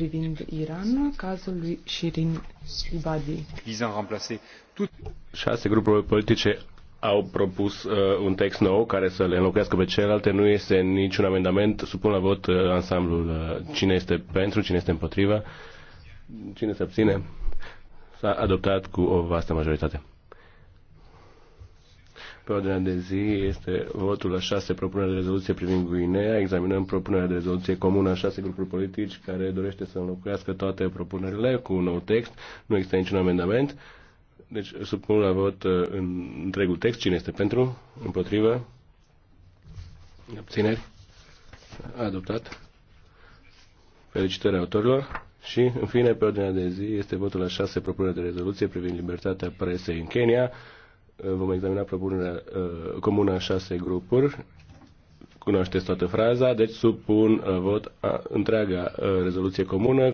privind Iran, cazul lui Shirin Ibadi. Șase grupuri politice au propus uh, un text nou care să le înlocuiască pe celelalte. Nu este niciun amendament. Supun la vot uh, ansamblul uh, cine este pentru, cine este împotriva, cine se abține. S-a adoptat cu o vastă majoritate. Pe ordinea de zi este votul la șase propuneri de rezoluție privind Guinea. Examinăm propunerea de rezoluție comună a șase grupuri politici care dorește să înlocuiască toate propunerile cu un nou text. Nu există niciun amendament. Deci supun la vot uh, în întregul text. Cine este pentru? Împotrivă? Abțineri? Adoptat. Felicitări autorilor. Și, în fine, pe ordinea de zi este votul la șase propuneri de rezoluție privind libertatea presei în Kenya. Eh, vom examina propunerea eh, comună a șase grupuri. Cunoașteți toată fraza, deci supun eh, vot a, întreaga rezoluție comună.